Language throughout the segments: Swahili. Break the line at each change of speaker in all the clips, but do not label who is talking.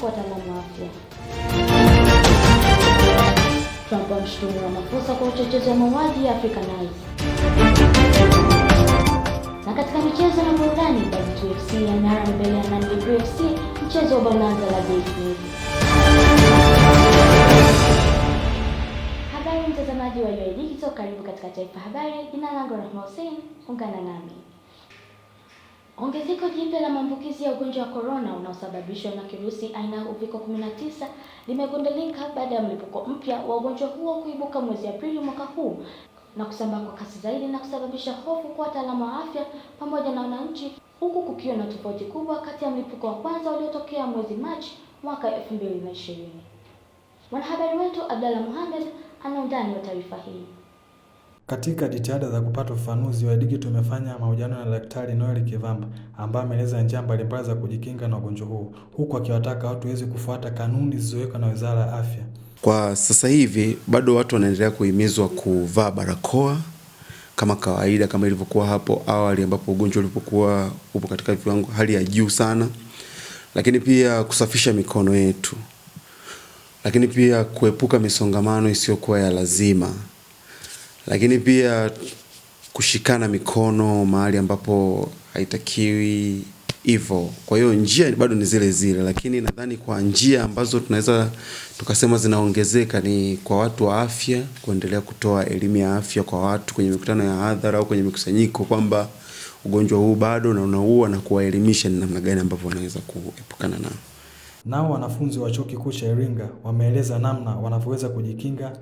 kwa wataalamu wa afya. Trump amshutumu Ramaphosa kwa uchochezi wa mauaji ya Afrika Nice. Na katika michezo na burudani, Mbagati FC yang'ara mbele ya Nandi FC mchezo wa bonanza la Jaiz. Habari mtazamaji wa UoI Digital, karibu katika Taifa Habari. Jina langu Rahma Hussein, ungana nami Ongezeko jipya la maambukizi ya ugonjwa wa korona unaosababishwa na kirusi aina ya uviko 19 limegundulika baada ya mlipuko mpya wa ugonjwa huo kuibuka mwezi Aprili mwaka huu na kusambaa kwa kasi zaidi na kusababisha hofu kwa wataalamu wa afya pamoja na wananchi, huku kukiwa na tofauti kubwa kati ya mlipuko wa kwanza uliotokea mwezi Machi mwaka 2020. Mwanahabari wetu Abdalla Muhammad ana undani wa taarifa hii.
Katika jitihada za kupata ufafanuzi wa DIGI tumefanya mahojiano na Daktari Noel Kivamba ambaye ameeleza njia mbalimbali za kujikinga na ugonjwa huu huku akiwataka watu waweze kufuata kanuni zilizowekwa na Wizara ya Afya.
Kwa sasa hivi bado watu wanaendelea kuhimizwa kuvaa barakoa kama kawaida, kama ilivyokuwa hapo awali ambapo ugonjwa ulipokuwa upo katika viwango hali ya juu sana, lakini pia kusafisha mikono yetu, lakini pia kuepuka misongamano isiyokuwa ya lazima lakini pia kushikana mikono mahali ambapo haitakiwi hivyo. Kwa hiyo njia bado ni zile zile, lakini nadhani kwa njia ambazo tunaweza tukasema zinaongezeka ni kwa watu wa afya kuendelea kutoa elimu ya afya kwa watu kwenye mikutano ya hadhara au kwenye mikusanyiko kwamba ugonjwa huu bado na unaua na kuwaelimisha ni namna gani ambavyo wanaweza kuepukana nao.
Nao wanafunzi wa Chuo Kikuu cha Iringa wameeleza namna wanavyoweza kujikinga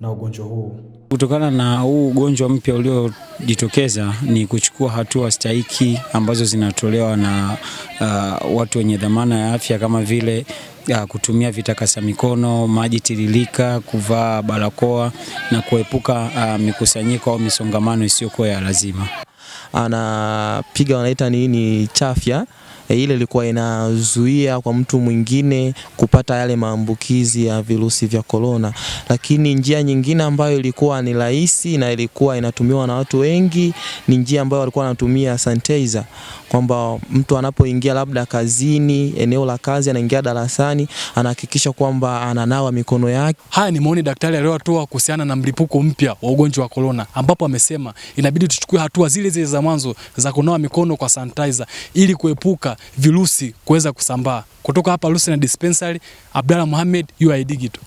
na ugonjwa huu.
Kutokana na huu ugonjwa mpya uliojitokeza, ni kuchukua hatua stahiki ambazo zinatolewa na uh, watu wenye dhamana ya afya kama vile uh, kutumia vitakasa mikono, maji tiririka, kuvaa barakoa na kuepuka uh, mikusanyiko au misongamano isiyokuwa ya lazima.
Anapiga wanaita nini chafya e, ile ilikuwa inazuia kwa mtu mwingine kupata yale maambukizi ya virusi vya korona. Lakini njia nyingine ambayo ilikuwa ni rahisi na ilikuwa inatumiwa na watu wengi ni njia ambayo walikuwa wanatumia sanitizer, kwamba mtu anapoingia labda kazini, eneo la kazi, anaingia darasani, anahakikisha kwamba ananawa mikono yake.
Haya ni maoni daktari aliyotoa kuhusiana na mlipuko mpya wa ugonjwa wa korona, ambapo amesema inabidi tuchukue hatua zile zile za mwanzo za kunawa mikono kwa sanitizer ili kuepuka virusi kuweza kusambaa. Kutoka hapa Lucy Dispensary, Abdalla Mohamed, UoI Digital.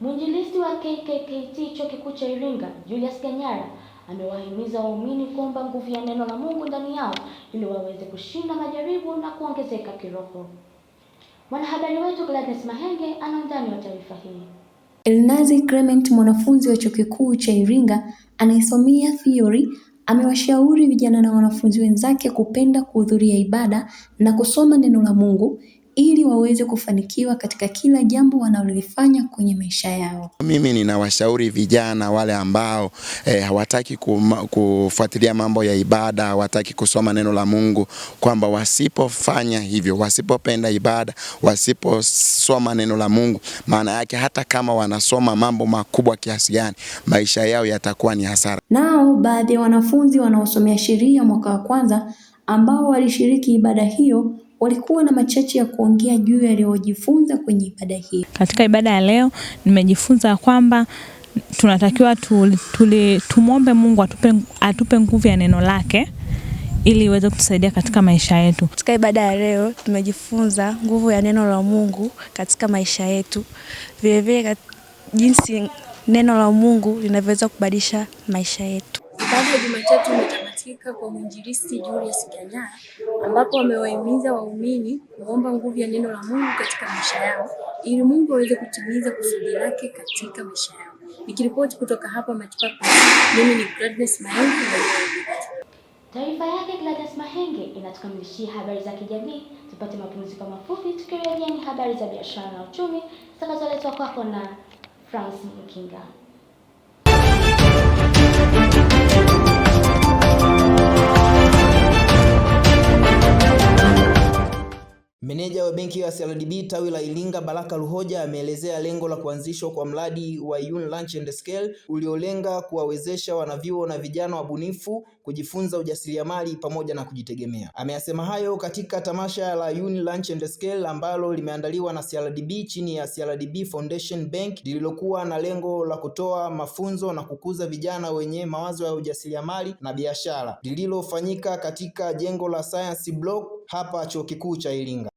Mwinjilisti wa KKKT Chuo Kikuu cha Iringa, Julius kenyara amewahimiza waumini kuomba nguvu ya neno la Mungu ndani yao ili waweze kushinda majaribu na kuongezeka kiroho. Mwanahabari wetu Gladys Mahenge ana undani wa taarifa hii.
Elnazi Clement mwanafunzi wa Chuo Kikuu cha Iringa anayesomea theory Amewashauri vijana na wanafunzi wenzake kupenda kuhudhuria ibada na kusoma neno la Mungu ili waweze kufanikiwa katika kila jambo wanalolifanya kwenye maisha yao.
Mimi ninawashauri vijana wale ambao eh, hawataki kufuatilia mambo ya ibada, hawataki kusoma neno la Mungu, kwamba wasipofanya hivyo, wasipopenda ibada, wasiposoma neno la Mungu, maana yake hata kama wanasoma mambo makubwa kiasi gani, maisha yao yatakuwa ni hasara.
Nao baadhi ya wanafunzi wanaosomea sheria mwaka wa kwanza ambao walishiriki ibada hiyo walikuwa na machache ya kuongea juu yaliyojifunza kwenye ibada hii.
Katika ibada ya leo nimejifunza kwamba tunatakiwa tumwombe Mungu atupe, atupe nguvu ya neno lake ili iweze kutusaidia katika maisha yetu.
Katika ibada ya leo tumejifunza nguvu ya neno la Mungu katika maisha yetu, vilevile jinsi neno la Mungu linavyoweza kubadilisha maisha yetu
katika kwa mwinjilisti Julius Kanyaa ambapo amewahimiza waumini kuomba nguvu ya neno la Mungu katika maisha yao ili Mungu aweze kutimiza kusudi lake katika maisha yao. Nikiripoti kutoka hapa Matipapa, mimi ni Gladness Mahenge. Taarifa yake Gladness Mahenge inatukamilishia habari za kijamii. Tupate mapumziko mafupi, tukirejea ni habari za biashara na uchumi zitakazoletwa kwako na Francis Mkinga.
Meneja wa benki ya CRDB tawi la Iringa Baraka Luhoja ameelezea lengo la kuanzishwa kwa mradi wa Youth Launch and Scale uliolenga kuwawezesha wanavyuo na vijana wabunifu kujifunza ujasiriamali pamoja na kujitegemea. Ameyasema hayo katika tamasha la Youth Launch and Scale ambalo limeandaliwa na CRDB chini ya CRDB Foundation Bank lililokuwa na lengo la kutoa mafunzo na kukuza vijana wenye mawazo ya ujasiriamali na biashara lililofanyika katika jengo la Science Block hapa Chuo Kikuu cha Iringa.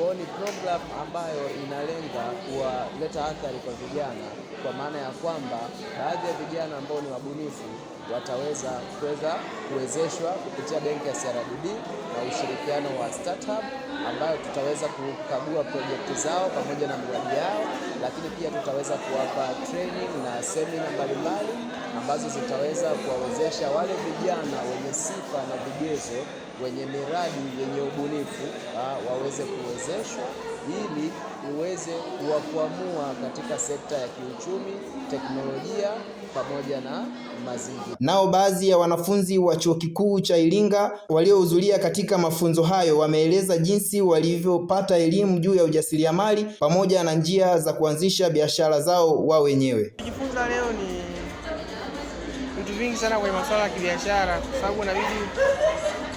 Kwa ni programu ambayo inalenga kuwaleta athari kwa vijana, kwa maana ya kwamba baadhi ya vijana ambao ni wabunifu wataweza kuweza kuwezeshwa kupitia benki ya CRDB na ushirikiano wa startup, ambayo tutaweza kukagua projekti zao pamoja na miradi yao, lakini pia tutaweza kuwapa training na semina mbalimbali ambazo zitaweza kuwawezesha wale vijana wenye sifa na vigezo wenye miradi yenye ubunifu waweze kuwezeshwa ili uweze kuwakwamua katika sekta ya kiuchumi, teknolojia pamoja na mazingira.
Nao baadhi ya wanafunzi wa Chuo Kikuu cha Iringa waliohudhuria katika mafunzo hayo wameeleza jinsi walivyopata elimu juu ya ujasiriamali pamoja na njia za kuanzisha biashara zao wao wenyewe.
Kujifunza leo ni vitu vingi sana kwenye masuala ya kibiashara kwa sababu inabidi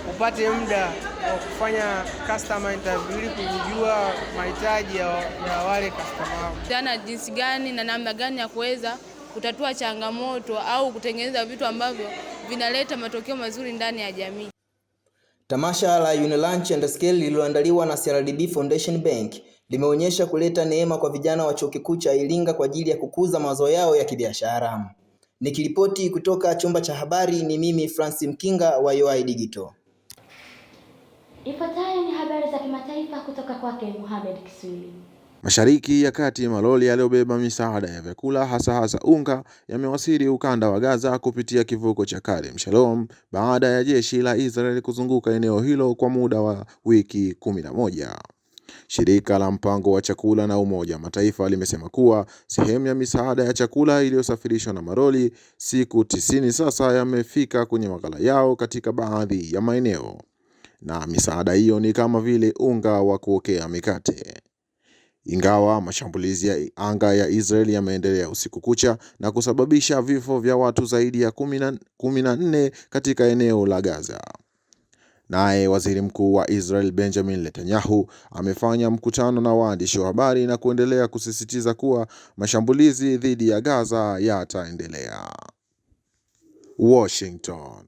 upate muda wa kufanya customer interview ili kujua mahitaji ya, ya wale customer wako.
Tena jinsi gani na namna gani ya kuweza kutatua changamoto au kutengeneza vitu ambavyo vinaleta matokeo mazuri ndani ya jamii.
Tamasha la Unilunch and Scale lililoandaliwa na CRDB Foundation Bank limeonyesha kuleta neema kwa vijana wa Chuo Kikuu cha Iringa kwa ajili ya kukuza mawazo yao ya kibiashara. Nikiripoti kutoka chumba cha habari ni mimi Francis Mkinga wa UoI Digital.
Ifuatayo ni habari za kimataifa kutoka kwake Mohamed Kiswili.
Mashariki ya Kati, malori yaliyobeba misaada ya vyakula hasa hasa unga yamewasili ukanda wa Gaza kupitia kivuko cha Karim Shalom baada ya jeshi la Israel kuzunguka eneo hilo kwa muda wa wiki kumi na moja. Shirika la mpango wa chakula na Umoja wa Mataifa limesema kuwa sehemu ya misaada ya chakula iliyosafirishwa na maroli siku tisini sasa yamefika kwenye maghala yao katika baadhi ya maeneo na misaada hiyo ni kama vile unga wa kuokea mikate. Ingawa mashambulizi ya anga ya Israel yameendelea usiku kucha na kusababisha vifo vya watu zaidi ya kumi na nne katika eneo la Gaza. Naye waziri mkuu wa Israel Benjamin Netanyahu amefanya mkutano na waandishi wa habari na kuendelea kusisitiza kuwa mashambulizi dhidi ya Gaza yataendelea. Washington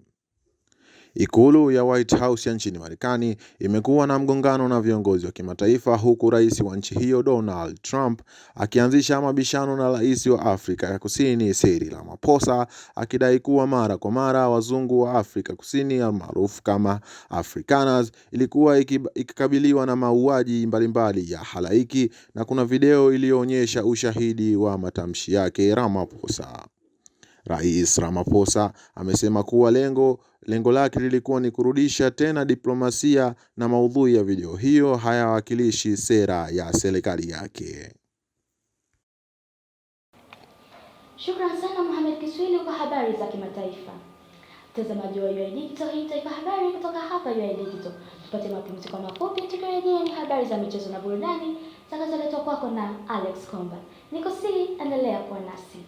Ikulu ya White House ya nchini Marekani imekuwa na mgongano na viongozi wa kimataifa huku rais wa nchi hiyo Donald Trump akianzisha mabishano na rais wa Afrika ya Kusini Cyril Ramaphosa akidai kuwa mara kwa mara wazungu wa Afrika Kusini maarufu kama Afrikaners ilikuwa ikikabiliwa na mauaji mbalimbali ya halaiki na kuna video iliyoonyesha ushahidi wa matamshi yake Ramaphosa. Rais Ramaphosa amesema kuwa lengo lengo lake lilikuwa ni kurudisha tena diplomasia na maudhui ya video hiyo hayawakilishi sera ya serikali yake.
Shukran sana Mohamed Kiswili kwa habari za kimataifa. Mtazamaji wa UoI Digital, hii taifa habari kutoka hapa UoI Digital. Tupate mapumziko mafupi, tukirejea ni habari za michezo na burudani zinazoletwa kwako na Alex Komba. si endelea kuwa nasi.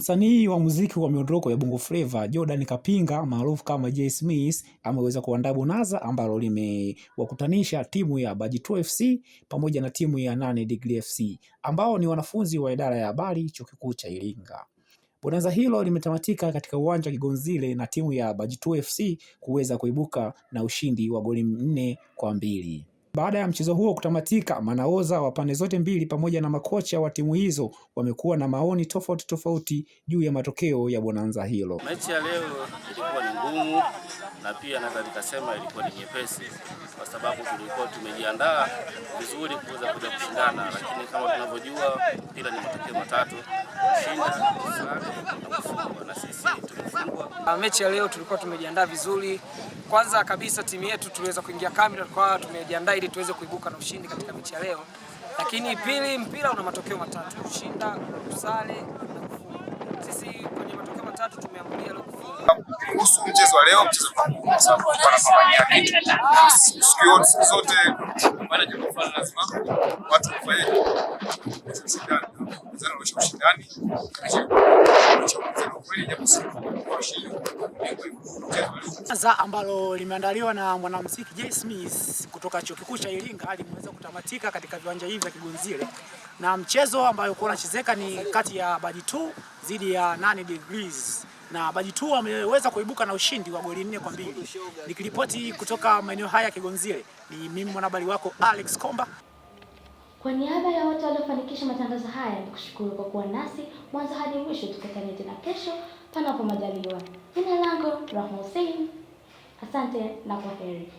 Msanii wa muziki wa miondoko ya Bongo Flava Jordan Kapinga maarufu kama J Smith ameweza kuandaa bonanza ambalo limewakutanisha timu ya Baji2 FC pamoja na timu ya Nane Degree FC ambao ni wanafunzi wa idara ya habari chuo kikuu cha Iringa. Bonanza hilo limetamatika katika uwanja wa Kigonzile na timu ya Baji2 FC kuweza kuibuka na ushindi wa goli nne kwa mbili. Baada ya mchezo huo kutamatika, manaoza wa pande zote mbili pamoja na makocha wa timu hizo wamekuwa na maoni tofauti tofauti juu ya matokeo ya bonanza hilo.
Mechi ya leo ilikuwa ni ngumu na pia naweza nikasema ilikuwa ni nyepesi, kwa sababu tulikuwa tumejiandaa vizuri kuweza kuja kushindana, lakini kama tunavyojua mpira ni matokeo matatu: kushinda, na kufunga.
Uh, Mechi ya leo tulikuwa tumejiandaa vizuri. Kwanza kabisa timu yetu tuliweza kuingia kamera kwa tumejiandaa ili tuweze kuibuka na ushindi katika mechi ya leo, lakini pili, mpira una matokeo matatu: kushinda, kusale na kufunga. Sisi kwenye matokeo matatu tumeamulia leo
kufunga. Kuhusu mchezo wa leo, mchezo kwa sababu tulikuwa tunapambania kitu siku zote, maana jambo fulani lazima watu wafanye kushindana kuongezana ushindani
za ambalo limeandaliwa na mwanamuziki Jay Smith kutoka Chuo Kikuu cha Iringa limeweza kutamatika katika viwanja hivi vya Kigonzile, na mchezo ambayo ulikuwa unachezeka ni kati ya Badi 2 dhidi ya Nine Degrees na Badi 2 ameweza kuibuka na ushindi wa goli nne kwa mbili. Nikiripoti kutoka maeneo haya ya Kigonzile, ni mimi mwanahabari wako Alex Komba.
Kwa niaba ya wote waliofanikisha matangazo haya, nikushukuru kwa kuwa nasi mwanzo hadi mwisho. Tukutane tena kesho, panapo majaliwa. Jina langu Rahma Hussein, asante na kwa heri.